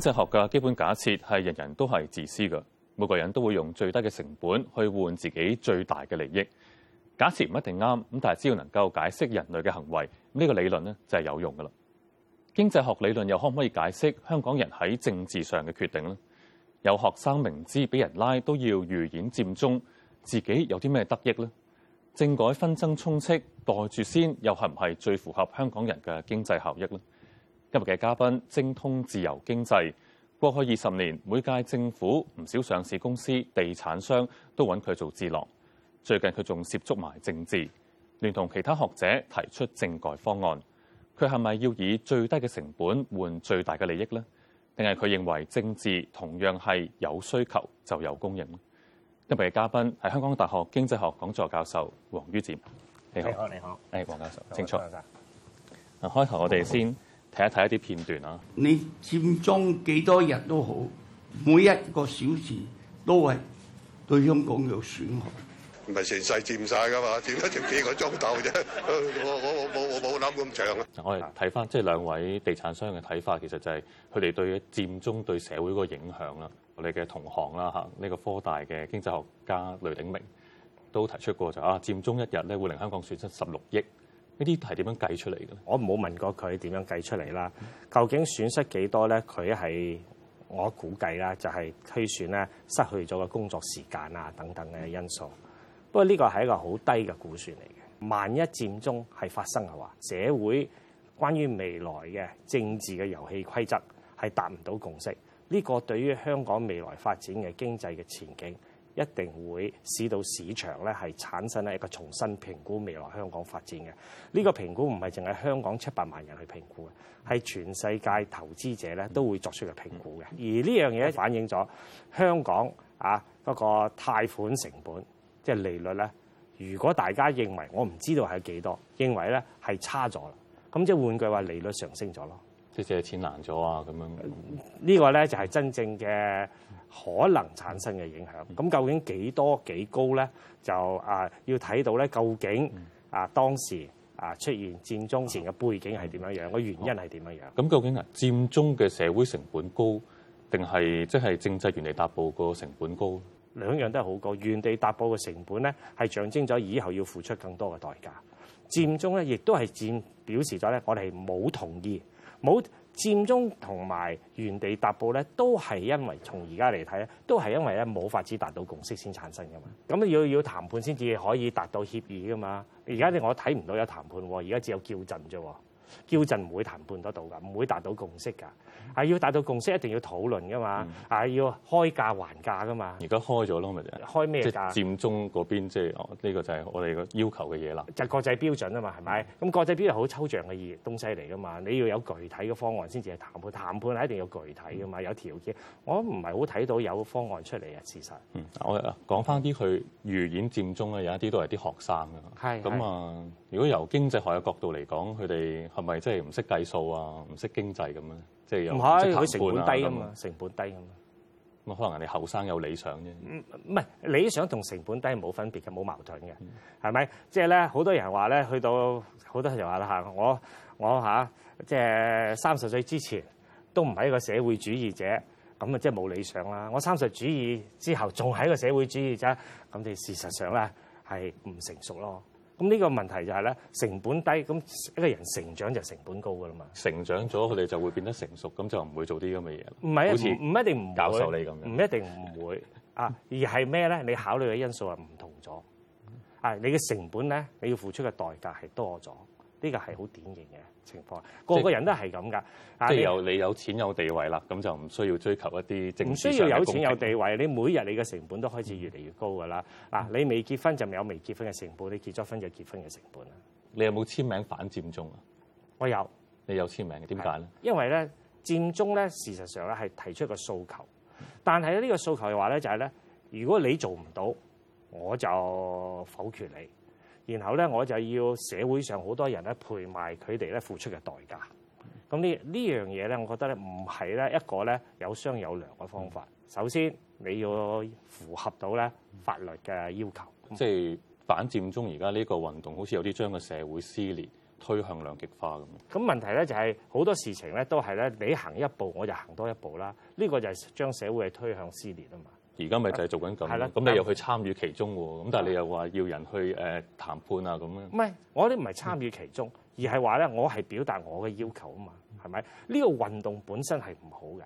經濟學嘅基本假設係人人都係自私嘅，每個人都會用最低嘅成本去換自己最大嘅利益。假設唔一定啱，咁但係只要能夠解釋人類嘅行為，呢個理論咧就係有用噶啦。經濟學理論又可唔可以解釋香港人喺政治上嘅決定呢？有學生明知俾人拉都要預演佔中，自己有啲咩得益呢？政改紛爭充斥，袋住先又係唔係最符合香港人嘅經濟效益呢？今日嘅嘉賓精通自由經濟，過去二十年每屆政府唔少上市公司、地產商都揾佢做智囊。最近佢仲涉足埋政治，聯同其他學者提出政改方案。佢係咪要以最低嘅成本換最大嘅利益呢？定係佢認為政治同樣係有需求就有供應？今日嘅嘉賓係香港大學經濟學講座教授王于漸。你好，你好，你好，誒王、哎、教授，清楚好，嗱確，開頭我哋先。睇一睇一啲片段啊！你佔中幾多日都好，每一個小時都係對香港有損害，唔係成世佔晒噶嘛？佔咗就幾個鐘頭啫，我我冇冇冇諗咁長啊！我哋睇翻即係兩位地產商嘅睇法，其實就係佢哋對佔中對社會嗰個影響啦。我哋嘅同行啦嚇，呢個科大嘅經濟學家雷鼎鳴都提出過就啊，佔中一日咧會令香港損失十六億。呢啲係點樣計出嚟嘅？我唔好問過佢點樣計出嚟啦。究竟損失幾多咧？佢係我估計啦，就係推算咧失去咗個工作時間啊等等嘅因素。不過呢個係一個好低嘅估算嚟嘅。萬一佔中係發生嘅話，社會關於未來嘅政治嘅遊戲規則係達唔到共識，呢個對於香港未來發展嘅經濟嘅前景。一定會使到市場咧係產生一個重新評估未來香港發展嘅。呢個評估唔係淨係香港七百萬人去評估嘅，係全世界投資者咧都會作出嘅評估嘅。而呢樣嘢反映咗香港啊嗰個貸款成本即係利率咧。如果大家認為我唔知道係幾多，認為咧係差咗啦，咁即係換句話，利率上升咗咯，即係借錢難咗啊咁樣。呢個咧就係真正嘅，可能產生嘅影響，咁究竟幾多幾高咧？就啊，要睇到咧，啊當時啊、出現究竟啊當時啊出現佔中前嘅背景係點樣樣，個原因係點樣樣？咁究竟啊佔中嘅社會成本高，定係即係政制原地踏步個成本高？兩樣都係好高，原地踏步嘅成本咧係象徵咗以後要付出更多嘅代價。佔中咧亦都係佔表示咗咧，我哋冇同意，冇。佔中同埋原地踏步都係因為從而家嚟睇，都係因為咧冇法子達到共識先產生㗎嘛。咁要要談判先至可以達到協議㗎嘛。而家我睇唔到有談判喎，而家只有叫陣啫。叫陣唔會談判得到㗎，唔會達到共識㗎。係要達到共識，一定要討論㗎嘛，係、嗯、要開價還價㗎嘛。而家開咗咯，咪？就開咩價？佔中嗰邊即係呢個就係我哋個要求嘅嘢啦。就國際標準啊嘛，係咪？咁國際標準好抽象嘅嘢東西嚟㗎嘛，你要有具體嘅方案先至係談判。談判係一定要具體㗎嘛，有條件。我唔係好睇到有方案出嚟啊，事實。嗯，我講翻啲去預演佔中啊，有一啲都係啲學生㗎。係。咁啊，如果由經濟學嘅角度嚟講，佢哋。係咪即係唔識計數啊？唔識經濟咁樣，即係又唔即係成本低啊嘛？成本低啊嘛？咁可能人哋後生有理想啫。唔，唔係理想同成本低係冇分別嘅，冇矛盾嘅，係咪？嗯、即係咧，好多人話咧，去到好多人就話啦嚇，我，我嚇即係三十歲之前都唔係一個社會主義者，咁啊即係冇理想啦。我三十主義之後仲係一個社會主義者，咁你事實上咧係唔成熟咯。咁呢個問題就係咧，成本低，咁一個人成長就成本高噶啦嘛。成長咗佢哋就會變得成熟，咁就唔會做啲咁嘅嘢。唔係啊，唔唔像 一定唔會，教授你咁樣嘅，唔一定唔會 啊，而係咩咧？你考慮嘅因素係唔同咗 啊，你嘅成本咧，你要付出嘅代價係多咗，呢個係好典型嘅。情況個個人都係咁噶，即係有你，你有錢有地位啦，咁就唔需要追求一啲政的。唔需要有錢有地位，你每日你嘅成本都開始越嚟越高㗎啦。嗱，嗯、你未結婚就冇未結婚嘅成本，你結咗婚就結婚嘅成本啦。你有冇簽名反佔中啊？我有。你有簽名嘅？點解咧？因為咧，佔中咧，事實上咧係提出一個訴求，但係咧呢個訴求嘅話咧就係、是、咧，如果你做唔到，我就否決你。然後咧，我就要社會上好多人咧陪埋佢哋咧付出嘅代價。咁呢呢樣嘢咧，我覺得咧唔係咧一個咧有商有量嘅方法。嗯、首先你要符合到咧法律嘅要求。嗯、即係反佔中而家呢個運動，好似有啲將個社會撕裂推向兩極化咁。咁問題咧就係好多事情咧都係咧你行一步，我就行多一步啦。呢個就係將社會推向撕裂啊嘛。而家咪就係做緊咁，咁的你又去參與其中喎？咁的但係你又話要人去誒談判啊咁樣？唔係，我啲唔係參與其中，嗯、而係話咧，我係表達我嘅要求啊嘛，係咪？呢個運動本身係唔好嘅，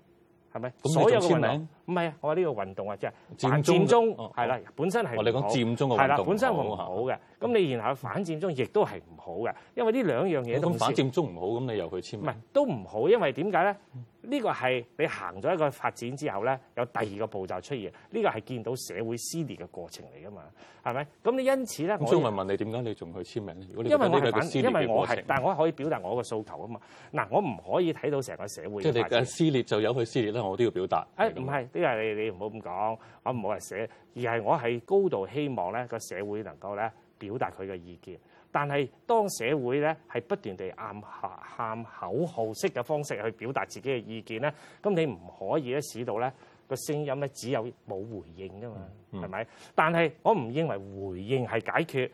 係咪？名所有嘅運動唔係啊，我話呢個運動啊，即、就、係、是、反佔中係啦、哦，本身係我哋講佔中嘅係啦，本身好嘅。咁、嗯、你然後反佔中亦都係唔好嘅，因為呢兩樣嘢都唔好。咁反佔中唔好，咁你又去簽唔？唔係都唔好，因為點解咧？呢個係你行咗一個發展之後咧，有第二個步驟出現。呢個係見到社會撕裂嘅過程嚟噶嘛？係咪？咁你因此咧，我想問問你點解我你仲去簽名咧？你因為我係反撕裂過程，我但係我可以表達我個訴求啊嘛。嗱，我唔可以睇到成個社會即係撕裂就由佢撕裂啦，我都要表達。誒、哎，唔係，因為你你唔好咁講，我唔好係寫，而係我係高度希望咧個社會能夠咧表達佢嘅意見。但係，當社會咧係不斷地按下喊喊口號式嘅方式去表達自己嘅意見咧，咁你唔可以咧使到咧個聲音咧只有冇回應㗎嘛？係咪？但係我唔認為回應係解決。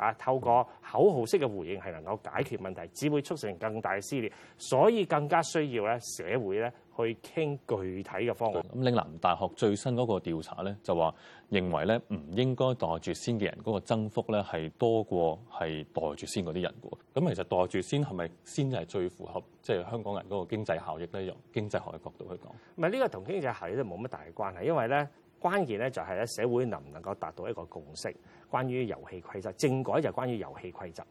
啊！透過口號式嘅回應係能夠解決問題，只會促成更大嘅撕裂，所以更加需要咧社會咧去傾具體嘅方案。咁嶺南大學最新嗰個調查咧就話認為咧唔應該袋住先嘅人嗰個增幅咧係多過係袋住先嗰啲人嘅喎。咁其實袋住先係咪先係最符合即係、就是、香港人嗰個經濟效益咧？由經濟學嘅角度去講，唔係呢個同經濟效益都冇乜大嘅關係，因為咧。關鍵咧就係咧社會能唔能夠達到一個共識，關於遊戲規則，政改就係關於遊戲規則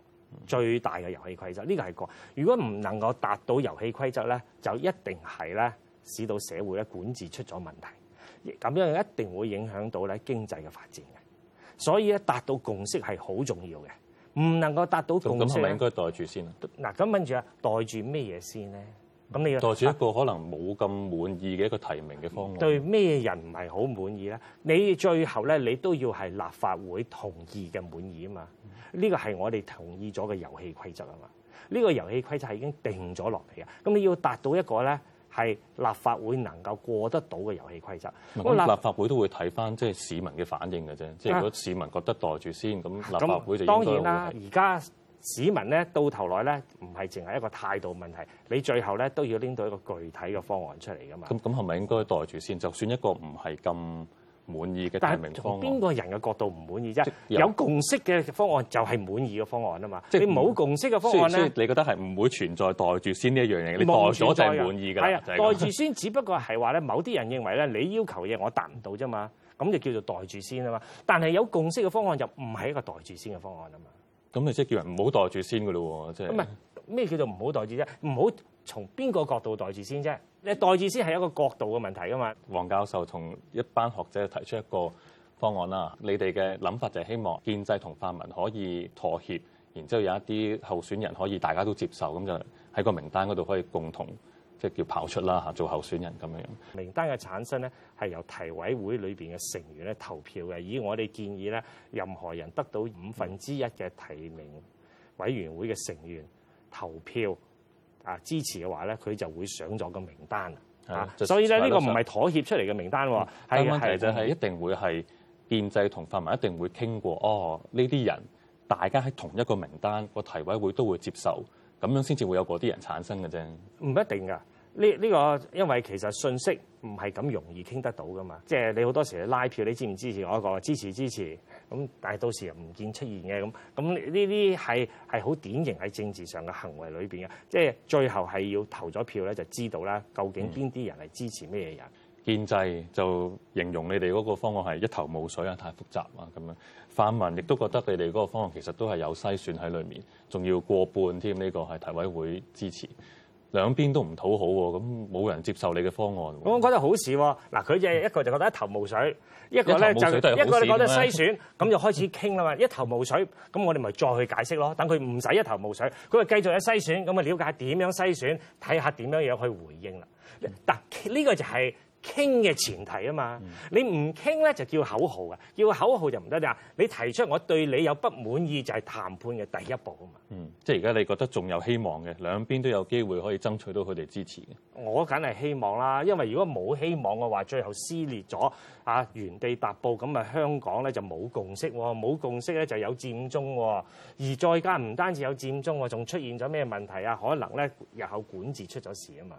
最大嘅遊戲規則。呢個係個，如果唔能夠達到遊戲規則咧，就一定係咧使到社會咧管治出咗問題，咁樣一定會影響到咧經濟嘅發展嘅。所以咧達到共識係好重要嘅，唔能夠達到共識。咁係咪、嗯、應該袋住先啊？嗱，咁問住啊，袋住咩嘢先咧？咁你要袋住一個可能冇咁滿意嘅一個提名嘅方案。對咩人唔係好滿意咧？你最後咧，你都要係立法會同意嘅滿意啊嘛。呢個係我哋同意咗嘅遊戲規則啊嘛。呢、呢個遊戲規則係已經定咗落嚟嘅。咁你要達到一個咧係立法會能夠過得到嘅遊戲規則。咁立，立法會都會睇翻即係市民嘅反應嘅啫。即係如果市民覺得袋住先，咁立法會就當然啦。而家。市民咧，到頭來咧，唔係淨係一個態度問題，你最後咧，都要拎到一個具體嘅方案出嚟噶嘛。咁咁係咪應該袋住先？就算一個唔係咁滿意嘅，但係從邊個人嘅角度唔滿意啫？有，有共識嘅方案就係滿意嘅方案啊嘛。即不你冇共識嘅方案咧，你覺得係唔會存在袋住先呢一樣嘢？你袋咗就係滿意㗎。係啊，袋住先只不過係話咧，某啲人認為咧，你要求嘢我達唔到啫嘛，咁就叫做袋住先啊嘛。但係有共識嘅方案就唔係一個袋住先嘅方案啊嘛。咁你即叫人唔好袋住先嘅咯喎，即係咩叫做唔好袋住啫？唔好從邊個角度袋住先啫？你袋住先係一個角度嘅問題啊嘛。王教授同一班學者提出一個方案啦，你哋嘅諗法就係希望建制同泛民可以妥協，然之後有一啲候選人可以大家都接受，咁就喺個名單嗰度可以共同。即係叫跑出啦吓，做候選人。咁樣，樣名單嘅產生咧，係由提委會裏邊嘅成員咧投票嘅。以我哋建議咧，任何人得到五分之一嘅提名委員會嘅成員投票啊，支持嘅話咧，佢就會上咗個名單啊。所以咧，呢個唔係妥協出嚟嘅名單，係問題就係一定會係建制同泛民一定會傾過哦，呢啲人大家喺同一個名單個提委會都會接受。咁樣先至會有嗰啲人產生嘅啫，唔一定噶。呢呢個因為其實信息唔係咁容易傾得到噶嘛，即係你好多時拉票，你支唔支持我一個？支持支持咁，但係到時又唔見出現嘅咁。咁呢啲係係好典型喺政治上嘅行為裏邊嘅，即係最後係要投咗票咧，就知道啦究竟邊啲人係支持咩人，嗯。建制就形容你哋嗰個方案係一頭霧水啊，太複雜啊咁樣。泛民亦都覺得你哋嗰個方案其實都係有篩選喺裏面，仲要過半添，呢個係提委會支持，兩邊都唔討好喎，咁冇人接受你嘅方案。咁我覺得好事喎，嗱，佢就一個就覺得一頭霧水，一個咧就 一個咧覺得篩選，咁就開始傾啦嘛，一頭霧水，咁我哋咪再去解釋咯，等佢唔使一頭霧水，佢繼續有篩選，咁啊了解點樣篩選，睇下點樣樣去回應啦。嗱，呢個就係。傾嘅前提啊嘛，你唔傾咧就叫口號啊，叫口號就唔得啦。你提出我對你有不滿意就係談判嘅第一步啊嘛。嗯，即係而家你覺得仲有希望嘅，兩邊都有機會可以爭取到佢哋支持。我梗係希望啦，因為如果冇希望嘅話，最後撕裂咗啊，原地踏步咁啊，香港咧就冇共識，冇共識咧就有佔中，而再加唔單止有佔中，仲出現咗咩問題啊？可能咧日後管治出咗事啊嘛。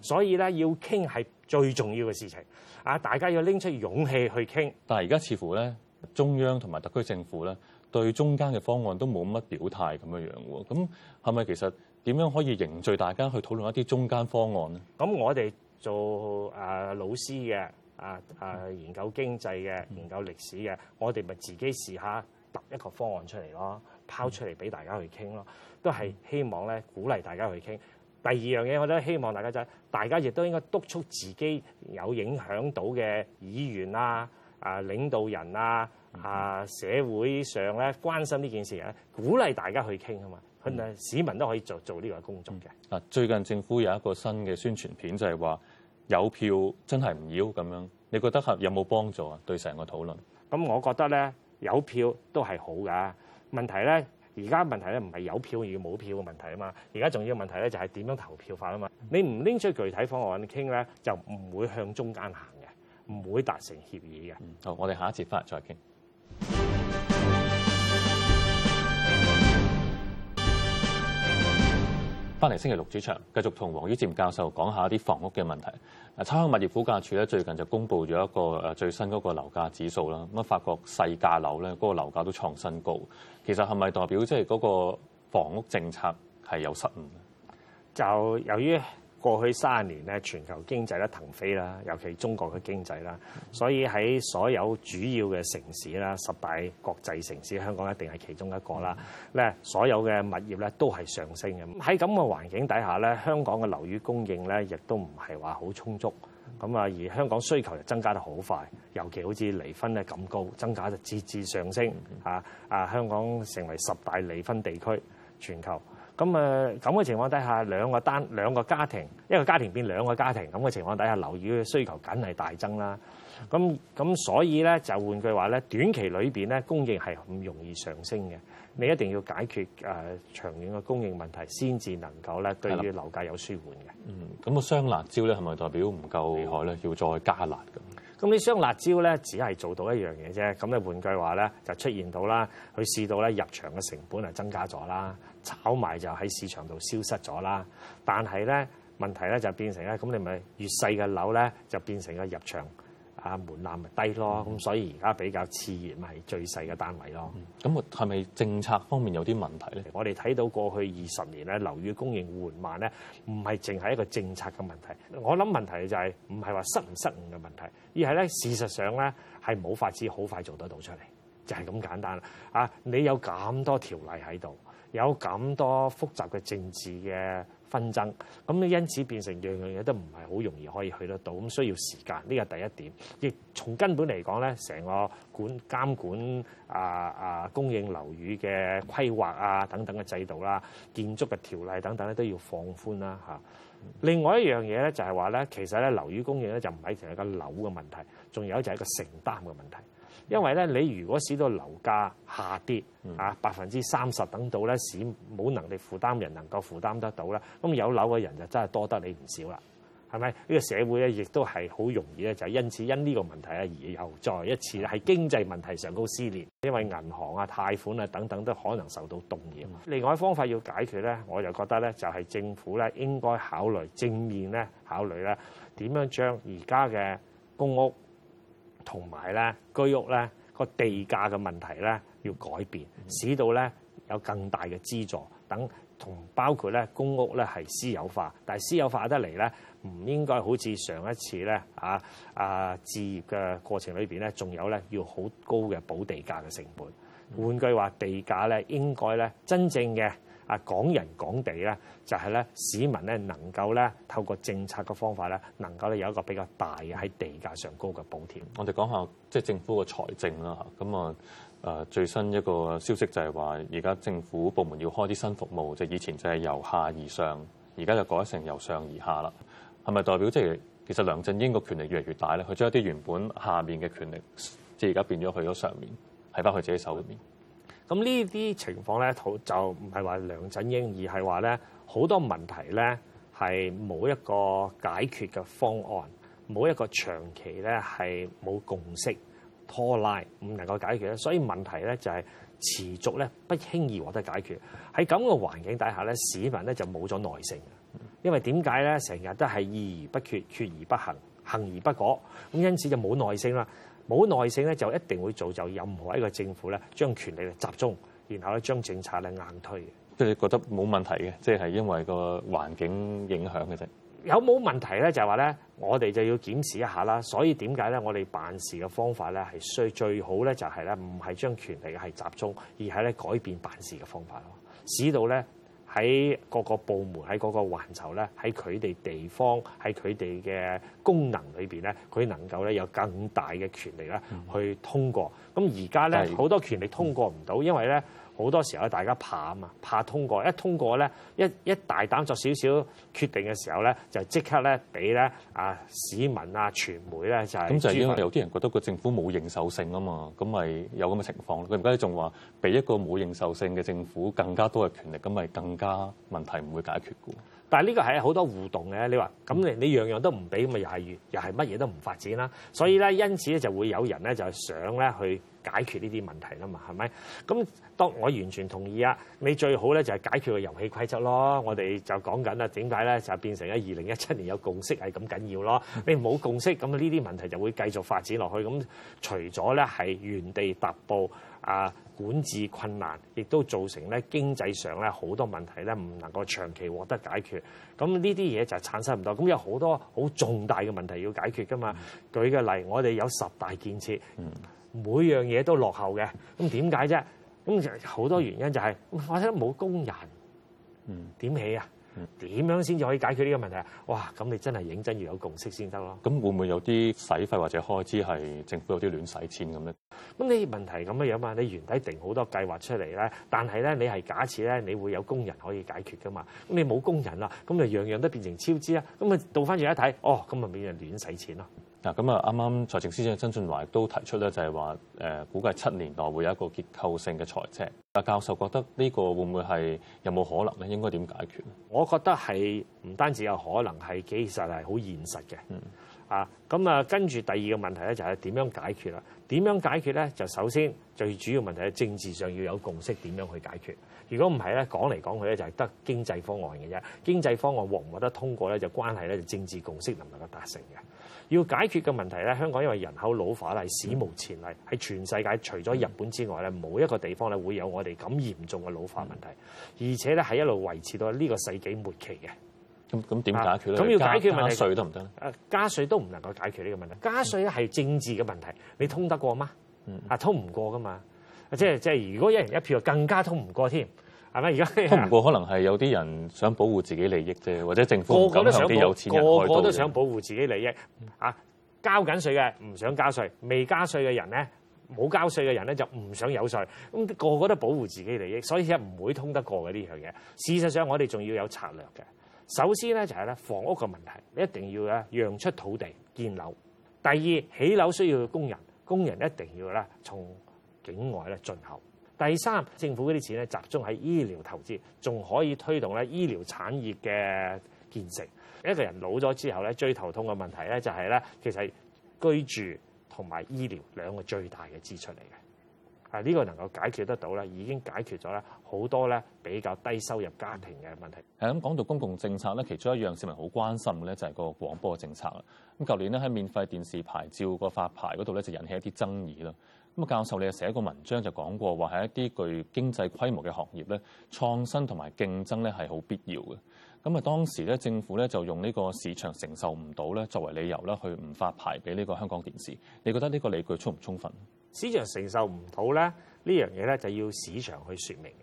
所以咧要傾係最重要嘅事情啊！大家要拎出勇氣去傾。但係而家似乎咧，中央同埋特區政府咧，對中間嘅方案都冇乜表態咁樣樣喎。咁係咪其實點樣可以凝聚大家去討論一啲中間方案咧？咁我哋做啊老師嘅啊啊研究經濟嘅、研究歷史嘅，我哋咪自己試下揼一個方案出嚟咯，拋出嚟俾大家去傾咯，都係希望咧鼓勵大家去傾。第二樣嘢，我都希望大家就係，大家亦都應該督促自己有影響到嘅議員啊、啊領導人啊、啊社會上咧，關心呢件事咧，鼓勵大家去傾啊嘛，佢哋市民都可以做做呢個工作嘅。啊、嗯，最近政府有一個新嘅宣傳片，就係話有票真係唔要咁樣，你覺得係有冇幫助啊？對成個討論。咁我覺得咧，有票都係好㗎，問題咧。而家問題咧，唔係有票而係冇票嘅問題啊嘛！而家重要問題咧，就係點樣投票法啊嘛！你唔拎出具體方案嚟傾咧，就唔會向中間行嘅，唔會達成協議嘅。嗯、好，我哋下一節翻嚟再傾。翻嚟星期六主，主場繼續同王于漸教授講下啲房屋嘅問題。啊，差餉物業估價署咧，最近就公布咗一個最新嗰個樓價指數啦。咁啊，發覺細價樓咧，嗰個樓價都創新高。其實係咪代表即係嗰個房屋政策係有失誤咧？就由於。過去三十年咧，全球經濟咧騰飛啦，尤其中國嘅經濟啦，所以喺所有主要嘅城市啦，十大國際城市，香港一定係其中一個啦。咧所有嘅物業咧都係上升嘅。喺咁嘅環境底下咧，香港嘅樓宇供應咧亦都唔係話好充足。咁啊，而香港需求又增加得好快，尤其好似離婚咧咁高，增加就節節上升嚇。啊，香港成為十大離婚地區全球。咁咁嘅情況底下，兩個單，兩個家庭，一個家庭變兩個家庭咁嘅情況底下，樓宇嘅需求梗係大增啦。咁咁所以咧，就換句話咧，短期裏面咧供應係唔容易上升嘅。你一定要解決誒、呃、長遠嘅供應問題，先至能夠咧對於樓價有舒緩嘅。嗯，咁個雙辣椒咧係咪代表唔夠厲害咧？要再加辣咁？咁啲、嗯、雙辣椒咧只係做到一樣嘢啫。咁咧換句話咧就出現到啦，佢試到咧入場嘅成本係增加咗啦。炒賣就喺市場度消失咗啦，但係咧問題咧就變成咧，咁你咪越細嘅樓咧就變成個入場啊門檻咪低咯，咁、嗯、所以而家比較自然咪最細嘅單位咯。咁係咪政策方面有啲問題咧？我哋睇到過去二十年咧樓宇供應緩慢咧，唔係淨係一個政策嘅問題。我諗問題就係唔係話失唔失誤嘅問題，而係咧事實上咧係冇法子好快做得到出嚟，就係、是、咁簡單啦。啊，你有咁多條例喺度，有咁多複雜嘅政治嘅紛爭，咁你因此變成樣樣嘢都唔係好容易可以去得到，咁需要時間，呢個第一點。亦從根本嚟講咧，成個管監管啊啊供應樓宇嘅規劃啊等等嘅制度啦、啊、建築嘅條例等等咧，都要放寬啦、吓、另外一樣嘢咧就係話咧，其實咧樓宇供應咧就唔係淨係個樓嘅問題，仲有就係個承擔嘅問題。因為咧，你如果使到樓價下跌啊，百分之三十等到咧，使冇能力負擔嘅人能夠負擔得到啦。咁有樓嘅人就真係多得你唔少啦，係咪？呢、呢個社會咧，亦都係好容易咧，就因此因呢個問題啊，而又再一次喺經濟問題上高撕裂，因為銀行啊、貸款啊等等都可能受到動搖。嗯、另外一方法要解決咧，我就覺得咧，就係政府咧應該考慮正面咧，考慮咧點樣將而家嘅公屋。同埋咧，居屋咧個地價嘅問題咧，要改變，使到咧有更大嘅資助等，同包括咧公屋咧係私有化，但係私有化得嚟咧，唔應該好似上一次咧啊啊置業嘅過程裏面咧，仲有咧要好高嘅補地價嘅成本。換句話，地價咧應該咧真正嘅。啊，港人港地咧，就係、是、咧市民咧能夠咧透過政策嘅方法咧，能夠咧有一個比較大嘅喺地價上高嘅補貼。我哋講下即係政府嘅財政啦，嚇咁啊誒最新一個消息就係話，而家政府部門要開啲新服務，就以前就係由下而上，而家就改成由上而下啦。係咪代表即係、就是、其實梁振英個權力越嚟越大咧？佢將一啲原本下面嘅權力，即係而家變咗去咗上面，喺返佢自己手入面。咁呢啲情況咧，好就唔係話梁振英，而係話咧好多問題咧係冇一個解決嘅方案，冇一個長期咧係冇共識拖拉，唔能夠解決咧。所以問題咧就係持續咧不輕易獲得解決。喺咁嘅環境底下咧，市民咧就冇咗耐性，因為點解咧？成日都係議而不決，決而不行，行而不果，咁因此就冇耐性啦。冇耐性咧，就一定會造就任何一個政府咧，將權力集中，然後咧將政策咧硬推嘅。即係覺得冇問題嘅，即係因為個環境影響嘅啫。有冇問題咧？就係話咧，我哋就要檢視一下啦。所以點解咧？我哋辦事嘅方法咧，係需最好咧，就係咧，唔係將權力係集中，而係咧改變辦事嘅方法咯，使到咧。喺各個部門，喺各個環球咧，喺佢哋地方，喺佢哋嘅功能裏邊咧，佢能夠咧有更大嘅權力咧去通過。咁而家咧好多權力通過唔到，因為咧。好多時候咧，大家怕啊嘛，怕通過一通過咧，一一大膽作少少決定嘅時候咧，就即刻咧俾咧啊市民啊、傳媒咧就咁就因為有啲人覺得個政府冇認受性啊嘛，咁咪有咁嘅情況。佢而家仲話俾一個冇認受性嘅政府更加多嘅權力，咁咪更加問題唔會解決嘅。但係呢個係好多互動嘅。你話咁你你樣樣都唔俾，咁咪又係又係乜嘢都唔發展啦。所以咧，因此咧就會有人咧就係想咧去。解決呢啲問題啦嘛，係咪咁？當我完全同意啊！你最好咧就係解決個遊戲規則咯。我哋就講緊啦，點解咧就變成喺二零一七年有共識係咁緊要咯？你冇共識，咁呢啲問題就會繼續發展落去。咁除咗咧係原地踏步啊，管治困難，亦都造成咧經濟上咧好多問題咧，唔能夠長期獲得解決。咁呢啲嘢就產生唔到。咁，有好多好重大嘅問題要解決㗎嘛。嗯、舉個例，我哋有十大建設。嗯每樣嘢都落後嘅，咁點解啫？咁好多原因就係、是，我睇得冇工人，嗯、點起啊？點、嗯、樣先至可以解決呢個問題啊？哇！咁你真係認真要有共識先得咯。咁會唔會有啲使費或者開支係政府有啲亂使錢咁咧？咁你問題咁嘅樣嘛？你原底定好多計劃出嚟咧，但係咧你係假設咧你會有工人可以解決噶嘛？咁你冇工人啦，咁啊樣樣都變成超支啊！咁啊倒翻轉一睇，哦，咁咪變係亂使錢咯。嗱咁啊，啱啱財政司長曾俊華都提出咧，就係話誒，估計七年內會有一個結構性嘅財赤。啊，教授覺得呢個會唔會係有冇可能咧？應該點解決咧？我覺得係唔單止有可能，係其實係好現實嘅。嗯，啊，咁啊，跟住第二個問題咧，就係點樣解決啊？點樣解決呢？就首先最主要問題係政治上要有共識，點樣去解決？如果唔係咧，講嚟講去咧就係得經濟方案嘅啫。經濟方案獲唔獲得通過咧，就關係咧政治共識能唔能夠達成嘅。要解決嘅問題咧，香港因為人口老化咧，係史無前例，喺全世界除咗日本之外咧，冇一個地方咧會有我哋咁嚴重嘅老化問題，而且咧係一路維持到呢個世紀末期嘅。咁咁點解決咧？咁要解決問題，加稅得唔得咧？加稅都唔能夠解決呢個問題。加稅咧係政治嘅問題，你通得過嗎？啊，通唔過噶嘛？即係即係，如果一人一票，更加通唔過添，係咪？而家通唔過，過可能係有啲人想保護自己利益啫，或者政府都想啲有錢人太多，都想保護自己利益。啊，交緊稅嘅唔想加稅，未加稅嘅人咧，冇交稅嘅人咧就唔想有稅。咁、那個個都保護自己利益，所以係唔會通得過嘅呢樣嘢。事實上，我哋仲要有策略嘅。首先咧就係咧房屋嘅問題，一定要咧讓出土地建樓。第二，起樓需要嘅工人，工人一定要咧從境外咧進口。第三，政府嗰啲錢咧集中喺醫療投資，仲可以推動咧醫療產業嘅建成。一個人老咗之後咧最頭痛嘅問題咧就係咧其實係居住同埋醫療兩個最大嘅支出嚟嘅。啊！呢個能夠解決得到咧，已經解決咗咧好多咧比較低收入家庭嘅問題。係咁講到公共政策咧，其中一樣市民好關心咧就係個廣播政策啦。咁舊年咧喺免費電視牌照個發牌嗰度咧就引起一啲爭議啦。咁啊教授你啊寫個文章就講過話係一啲具經濟規模嘅行業咧創新同埋競爭咧係好必要嘅。咁啊當時咧政府咧就用呢個市場承受唔到咧作為理由啦，去唔發牌俾呢個香港電視。你覺得呢個理據充唔充分？市場承受唔到咧，呢樣嘢咧就要市場去說明嘅。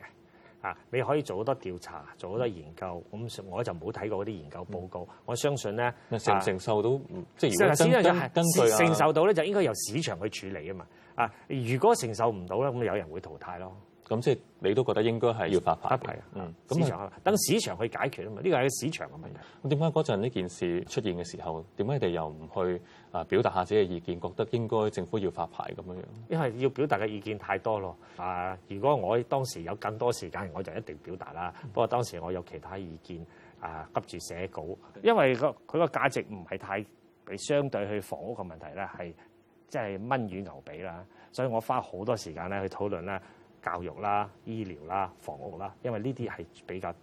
啊，你可以做好多調查，做好多研究。咁我就冇睇過嗰啲研究報告。嗯、我相信咧，成承唔、啊、承受到，即係如果根據承受到咧，就應該由市場去處理啊嘛。啊，如果承受唔到咧，咁有人會淘汰咯。咁即係你都覺得應該係要發牌，牌，嗯咁場、嗯、等市場去解決啦嘛。呢個係市場嘅問題。咁點解嗰陣呢件事出現嘅時候，點解你哋又唔去啊表達下自己嘅意見，覺得應該政府要發牌咁樣樣？因為要表達嘅意見太多咯。啊，如果我當時有更多時間，我就一定表達啦。嗯、不過當時我有其他意見啊，急住寫稿，因為個佢個價值唔係太比相對去房屋嘅問題咧，係即係蚊與牛比啦。所以我花好多時間咧去討論咧。教育啦、醫療啦、房屋啦，因為呢啲係比較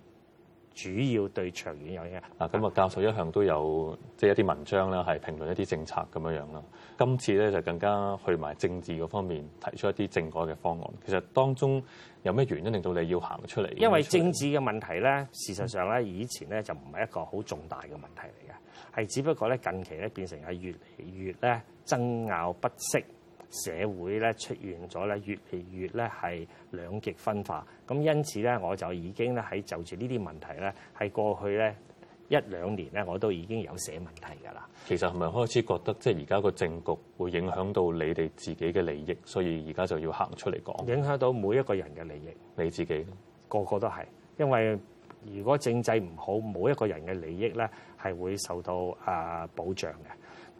主要對長遠有影響。啊，咁啊，教授一向都有即係一啲文章啦，係評論一啲政策咁樣樣啦。今次咧就更加去埋政治嗰方面，提出一啲政改嘅方案。其實當中有咩原因令到你要行出嚟？因為政治嘅問題咧，事實上咧以前咧就唔係一個好重大嘅問題嚟嘅，係只不過咧近期咧變成係越嚟越咧爭拗不息。社會咧出現咗咧，越嚟越咧係兩極分化。咁因此咧，我就已經咧喺就住呢啲問題咧，喺過去咧一兩年咧，我都已經有寫問題㗎啦。其實係咪開始覺得即係而家個政局會影響到你哋自己嘅利益，所以而家就要行出嚟講，影響到每一個人嘅利益。你自己個個都係，因為如果政制唔好，每一個人嘅利益咧係會受到啊保障嘅。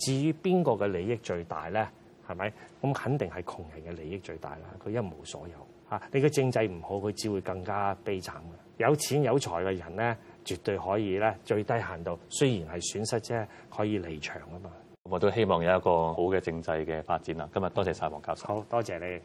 至於邊個嘅利益最大咧？係咪？咁肯定係窮人嘅利益最大啦。佢一無所有，嚇你個政制唔好，佢只會更加悲慘嘅。有錢有財嘅人咧，絕對可以咧最低限度，雖然係損失啫，可以離場啊嘛。我都希望有一個好嘅政制嘅發展啦。今日多謝晒王教授。好，多謝你。